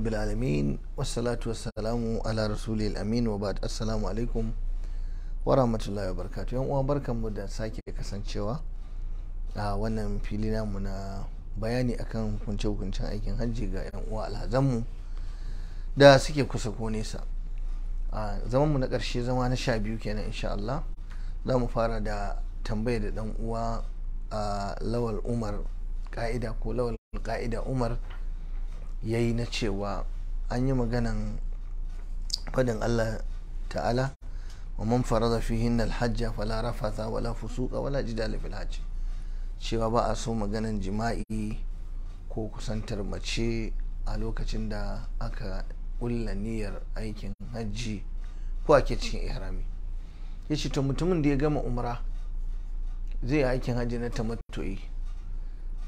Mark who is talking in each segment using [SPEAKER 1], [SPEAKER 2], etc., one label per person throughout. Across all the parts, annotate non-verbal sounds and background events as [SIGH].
[SPEAKER 1] rabbil alamin wassalatu wassalamu ala rasulil amin wa ba'd assalamu alaikum wa rahmatullahi wa barkatu yan uwa barkanmu da sake kasancewa a wannan fili namu na bayani akan hukunce hukuncen aikin hajji ga yan uwa alhazanmu da suke kusa ko nesa a zamanmu na ƙarshe zama na sha biyu kenan insha Allah za mu fara da tambaya da dan uwa a lawal umar ka'ida ko lawal ka'ida umar ya yi na cewa an yi maganan fadin allah ta'ala wa man farada fihin alhajja fala rafata wala fusuka wala jidala fil hajj cewa ba a so maganan jima'i ko kusantar mace a lokacin da aka kulla niyyar aikin hajji ko ake cikin ihrami ya ce to mutumin da ya gama umra zai yi aikin hajji na tamattu'i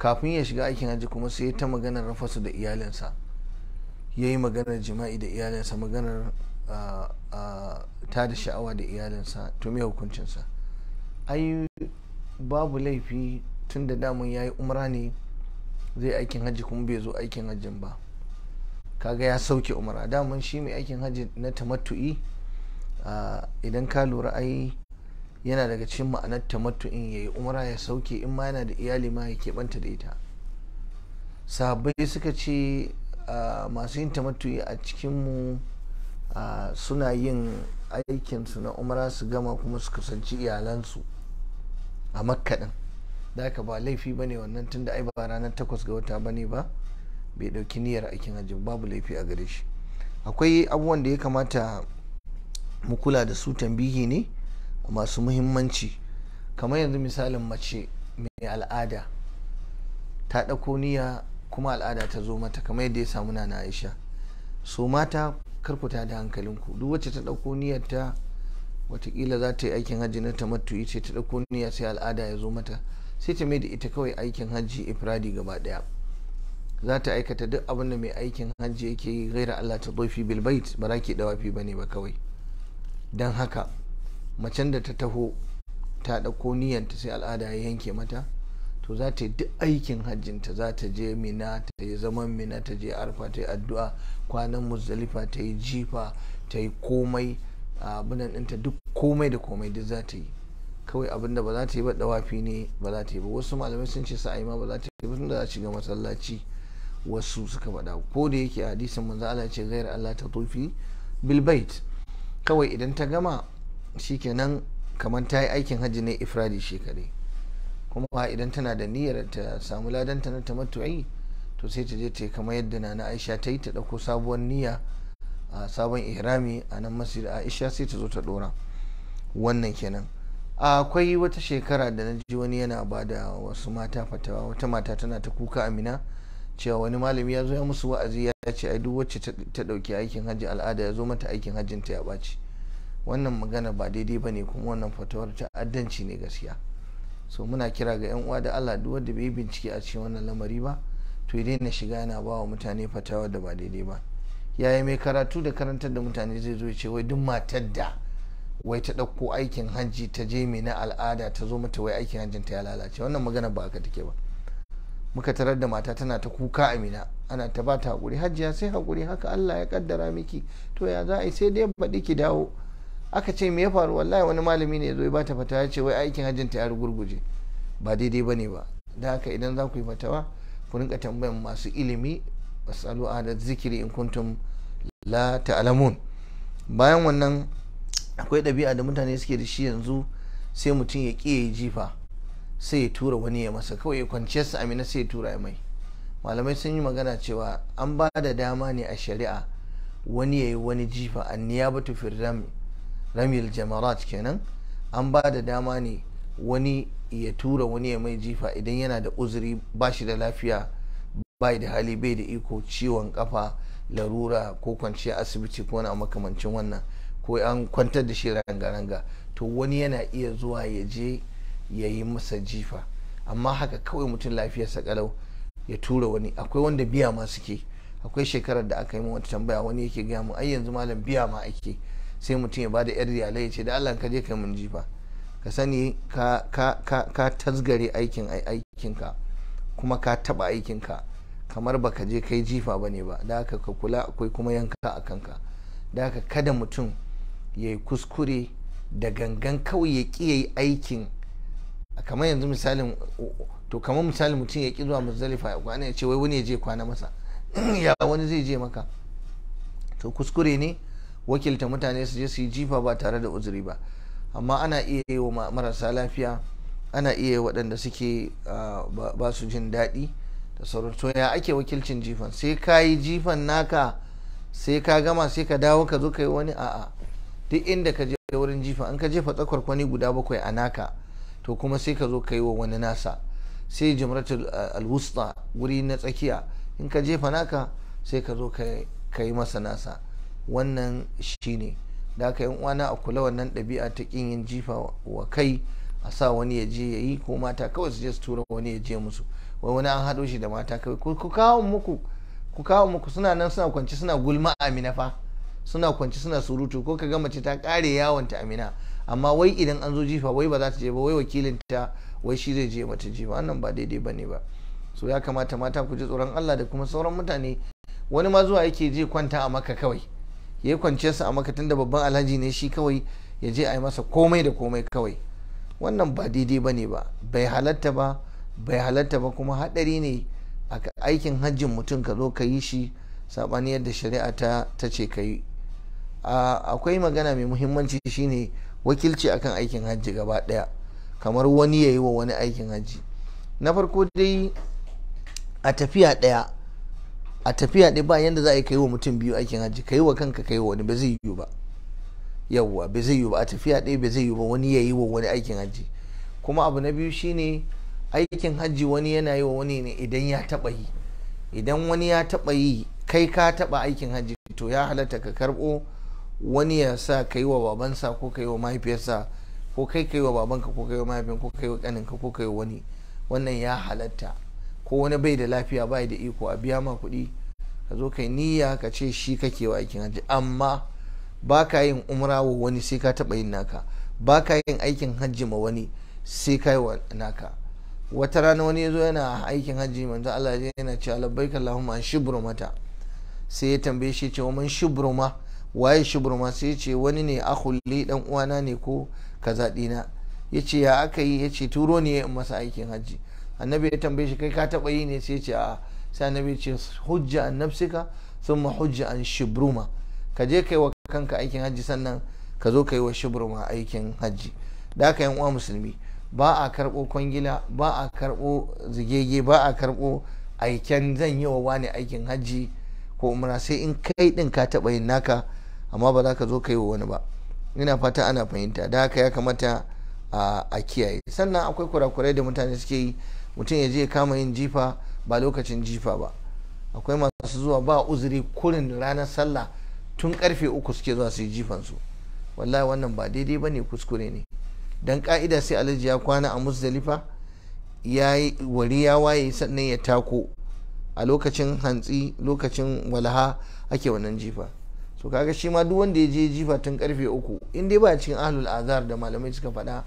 [SPEAKER 1] kafin ya shiga aikin hajji kuma sai ta maganar rafasu da iyalinsa ya yi maganar jima'i da iyalinsa maganar ta da sha'awa da iyalinsa to me hukuncinsa ai babu laifi tun da damun ya yi umra ne zai aikin hajji kuma bai zo aikin hajjin ba kaga ya sauke umra daman shi mai aikin hajji na tamattu'i idan ka lura ai yana daga cikin ma'anar tamattu'in yayi umra ya sauke in ma yana da iyali ma ya keɓanta da ita sahabbai suka ce ah, masu yin tamattu'i a cikinmu ah, suna yin aikinsu na umra su gama kuma su kusanci iyalansu a makkaɗin da haka ba laifi ba ne wannan tunda ai ba ranar takwas ga wata ba ba bai ɗauki niyyar aikin hajji babu laifi a gare shi akwai abubuwan da ya kamata mu kula da su tambihi ne masu muhimmanci kamar yanzu misalin mace mai al'ada ta ɗauko niyya kuma al'ada ta zo mata kamar yadda ya samu na aisha so mata karkuta da hankalinku duk wacce ta ɗauko ta watakila za ta yi aikin hajji na ta tamattu ce ta ɗauko niyya sai al'ada ya zo mata sai ta mai da ita kawai aikin hajji ifradi gaba ɗaya za ta aikata duk abin da mai aikin hajji yake yi gaira Allah ta zofi bilbait ba za ki dawafi ba ne ba kawai don haka macen da ta taho ta ɗauko niyyanta sai al'ada ya yanke mata to za ta yi duk aikin hajjinta za ta je mina ta yi zaman mina ta je arfa ta yi addu'a kwanan muzdalifa ta yi jifa ta yi komai abinan ɗinta duk komai da komai duk za ta yi kawai abin da ba za ta yi ba dawafi ne ba za ta yi ba wasu malamai sun ce sa'ai ma ba za ta yi ba tunda za shiga masallaci wasu suka faɗa ko da yake hadisin manzo Allah ce gairar Allah ta tufi bilbait kawai idan ta gama shi shikenan kamar ta yi aikin hajji ne ifradi shekare kuma idan tana da niyyar ta samu ladanta na tamattu'i to sai ta je ta kamar yadda na na aisha ta yi ta ɗauko sabuwar niyya a sabon ihrami a nan masjid aisha sai ta zo ta ɗora wannan kenan akwai wata shekara da na ji wani yana ba da wasu mata fatawa wata mata tana ta kuka amina cewa wani malami ya zo ya musu wa'azi ya ce ai duk wacce ta ɗauki aikin hajji al'ada ya zo mata aikin hajjin ta ya ɓaci wannan magana ba daidai ba ne kuma wannan fatawar ta'addanci ne gaskiya so muna kira ga 'yan uwa da allah duk wanda bai bincike a cikin wannan lamari ba to ya daina shiga yana ba wa mutane fatawar da ba daidai ba yaya mai karatu da karantar da mutane zai zo ce wai duk matar da wai ta ɗauko aikin hajji ta je mai na al'ada ta zo mata wai aikin hanjin ta ya lalace wannan magana ba haka take ba muka tarar da mata tana ta kuka amina ana ta ba ta haƙuri hajjiya sai haƙuri haka allah ya kaddara miki to ya za a yi sai dai baɗi ki dawo aka ce me ya faru wallahi wani malami ne ya zo ya bata fatawa ya ce wai aikin hajjin ta ya rugurguje ba daidai bane ba da haka idan za ku yi fatawa ku rinka tambayan masu ilimi wasu da zikiri in kuntum la taalamun bayan wannan akwai ɗabi'a da mutane suke da shi yanzu sai mutum ya ƙi ya yi jifa sai ya tura wani ya masa kawai ya kwanciyar sa amina sai ya tura ya mai malamai sun yi magana cewa an ba da dama ne a shari'a wani ya yi wani jifa anniya niyabatu firdami ramil jamarat kenan an ba da dama ne wani ya tura wani ya mai jifa idan yana da uzuri ba shi da lafiya bai da hali bai da iko ciwon kafa larura ko kwanciya asibiti ko na makamancin wannan ko an kwantar da shi ranga-ranga to wani yana iya zuwa ya je ya yi masa jifa amma haka kawai mutum lafiyarsa kalau ya tura wani akwai wanda biya ma suke akwai shekarar da aka yi wata tambaya wani yake gaya mu ai yanzu malam biya ma ake sai mutum ya ba da 'yar riyalai ya ce da allah ka je kai mun jifa ka sani ka tasgare aikin aikinka kuma ka taba aikinka kamar ba ka je kai jifa ba ne ba da haka ka kula akwai kuma yanka a kanka da haka kada mutum ya yi kuskure da gangan kawai ya ƙi ya yi aikin kamar yanzu misalin to kamar misalin mutum ya ƙi zuwa muzdalifa ya kwana ya ce wai wani ya je kwana masa [CLEARS THROAT] ya wani zai je maka to kuskure ne wakilta mutane su je su yi jifa ba tare da uzuri ba amma ana iya yi wa marasa lafiya ana iya yi waɗanda suke ba su jin daɗi da sauransu ya ake wakilcin jifan sai ka yi jifan naka sai ka gama sai ka dawo ka zo ka yi wani a'a duk inda ka je wurin jifa an ka jefa tsakwar kwani guda bakwai a naka to kuma sai ka zo ka yi wa wani nasa sai jimratu alwusta wuri na tsakiya in ka jefa naka sai ka zo ka yi masa nasa wannan shi ne da aka yan uwana a kula wannan ɗabi'a ta kin yin jifa wa kai a sa wani ya je ya yi ko mata kawai su je su tura wani ya je musu wai wani an haɗo shi da mata kawai ku kawo muku ku suna nan suna kwanci suna gulma amina fa suna kwanci suna surutu ko ka ga mace ta kare yawon ta amina amma wai idan an zo jifa wai ba za ta je ba wai wakilin ta wai shi zai je mata jifa wannan ba daidai ba ne ba so ya kamata mata ku ji tsoron Allah da kuma sauran mutane wani ma zuwa yake je kwanta a maka kawai ya yi kwanciyarsa a makatan da babban alhaji ne shi kawai ya je a yi masa komai da komai kawai wannan ba daidai ba ne ba bai halatta ba bai halatta ba kuma hadari ne a aikin hajjin mutum ka zo ka yi shi saɓani yadda shari'a ta ta ce ka yi akwai magana mai muhimmanci shine wakilci akan aikin hajji gaba ɗaya kamar wani ya yi wa wani aikin hajji na farko dai a tafiya ɗaya a tafiya ɗaya ba yanda za a yi kai wa mutum biyu aikin hajji kai wa kanka kai wa wani ba zai yiwu ba yawwa ba zai yiwu ba a tafiya ɗaya ba zai yiwu ba wani ya yi wa wani aikin hajji kuma abu na biyu shine aikin hajji wani yana yi wa wani ne idan ya taɓa yi idan wani ya taɓa yi kai ka taɓa aikin hajji to ya halatta ka karɓo wani ya sa ka yi wa babansa ko ka yi wa mahaifiyarsa ko kai ka yi wa babanka ko ka yi wa mahaifin ko ka yi wa ƙaninka ko ka yi wani wannan ya halatta ko wani bai da lafiya bai da iko a biya ma kuɗi ka zo kai niyya ka ce shi kake wa aikin hajji amma ba ka yin umra wa wani sai ka taɓa yin naka ba ka yin aikin hajji ma wani sai ka yi wa naka wata rana wani ya zo yana aikin hajji manzo Allah yana cewa labbaika Allahumma shibru mata sai ya tambaye shi ce man shibru ma waye shibru ma sai ya ce wani ne akhulli dan uwana ne ko kaza dina yace ya aka yi yace turo ne ya masa aikin hajji annabi ya tambaye shi kai ka taba yi ne sai ce a sai annabi ce hujja an nafsika thumma hujja an shibruma ka je kai wa kanka aikin hajji sannan ka zo kai wa shibruma aikin hajji da ka yan uwa musulmi ba a karbo kwangila ba a karbo zigege ba a karbo aiken zan yi wa wani aikin hajji ko umra sai in kai din ka taba yin naka amma ba za ka zo kai wa wani ba ina fata ana fahimta da haka ya kamata a kiyaye sannan akwai kurakurai da mutane suke yi mutum ya je kama yin jifa ba lokacin jifa ba akwai masu zuwa ba uzuri kurin ranar sallah tun karfe uku suke zuwa su yi jifansu wallahi wannan ba daidai ba ne kuskure ne don ka'ida sai alhaji ya kwana a musdalifa ya yi wari ya waye sannan ya tako a lokacin hantsi lokacin walaha ake wannan jifa so kaga shi ma duk wanda ya je jifa tun karfe uku in dai ba cikin ahlul azhar da malamai suka faɗa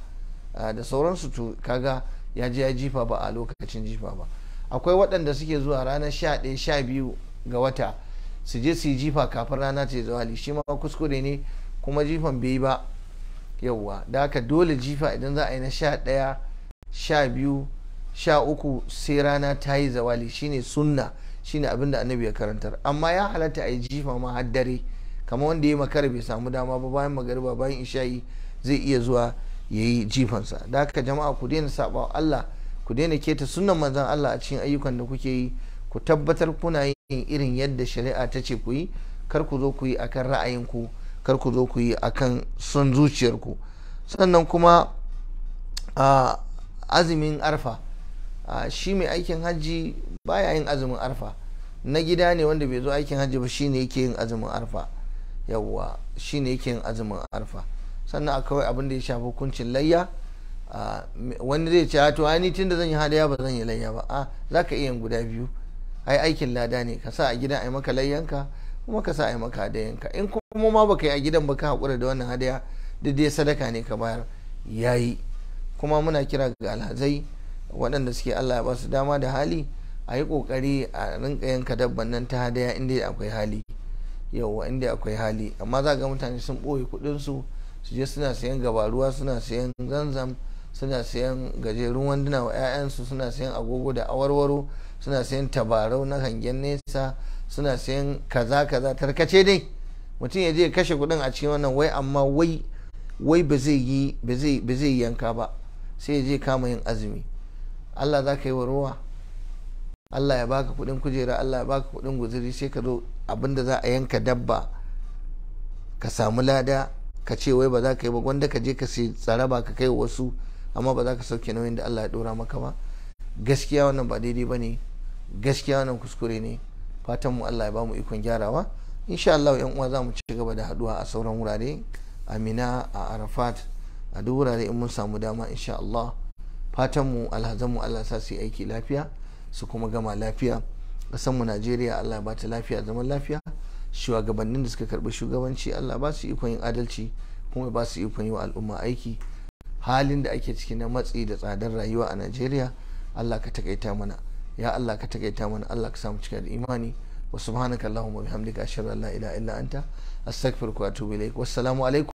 [SPEAKER 1] ah, da sauransu to kaga ya je ya jifa ba a lokacin jifa ba akwai waɗanda suke zuwa ranar sha ɗaya sha biyu ga wata su je su yi jifa kafin rana ce zawali shi ma kuskure ne kuma jifan bai ba yauwa da haka dole jifa idan za a yi na sha ɗaya sha biyu sha uku sai rana ta yi zawali shine sunna shine abin da annabi ya karantar amma ya halatta a yi jifa ma har dare kamar wanda ya makara bai samu dama ba bayan magariba bayan isha'i zai iya zuwa ya yi jifansa da haka jama'a ku daina saba Allah ku daina keta sunan manzon Allah a cikin ayyukan da kuke yi ku tabbatar kuna yin irin yadda shari'a ta ce ku yi kar ku zo ku yi akan ra'ayinku kar ku zo ku yi akan son zuciyarku sannan kuma azumin arfa shi mai aikin hajji baya yin azumin arfa na gida ne wanda bai zo aikin hajji ba shine yake yin azumin arfa yawwa shine yake yin azumin arfa sannan a kawai abin da ya shafi hukuncin layya wani zai ce to ai ni tun da zan yi hadaya ba zan yi layya ba a za ka iya guda biyu ai aikin lada ne ka sa a gidan ai maka layyanka kuma ka sa ai maka hadayanka in kuma ma baka yi a gidan ba ka haƙura da wannan hadaya da dai sadaka ne ka bayar yayi kuma muna kira ga alhazai waɗanda suke Allah ya ba su dama da hali a yi ƙoƙari a rinka yanka dabban nan ta hadaya inda akwai hali yauwa inda akwai hali amma za ga mutane sun ɓoye kuɗinsu su su je suna sayan gabaruwa suna sayan zanzam suna sayan gajerun wanduna wa 'ya'yansu suna sayan agogo da awarwaro suna sayan tabarau na hangen nesa suna sayan kaza kaza tarkace dai mutum ya je kashe kudin a cikin wannan wai amma wai wai ba zai yi yanka ba sai ya je kama yin azumi Allah za ka yi wa Allah ya baka kudin kujera Allah ya baka kudin guzuri sai ka zo abinda za a yanka dabba ka samu lada ka ce wai ba za ka yi ba wanda ka je ka sai ba ka kai wasu amma ba za ka sauke nauyin da Allah ya dora maka ba gaskiya wannan ba daidai ba ne gaskiya wannan kuskure ne fatan mu Allah ya ba mu ikon gyarawa insha Allah yan uwa za mu ci gaba da haduwa a sauran wurare amina a arafat a duk wurare in mun samu dama insha Allah fatan mu alhazan mu Allah sa su yi aiki lafiya su kuma gama lafiya kasan mu Najeriya Allah ya ba ta lafiya zaman lafiya shugabannin da suka karɓi shugabanci allah ba su ikon yin adalci kuma ba su ikon yi wa al'umma aiki halin da ake ciki na matsi da tsadar rayuwa a najeriya allah ka takaita mana ya allah ka takaita mana allah ka samu cika da imani wa subhanaka allahumma bihamdika ashhadu an la ilaha illa anta astaghfiruka wa atubu ilaik wassalamu alaikum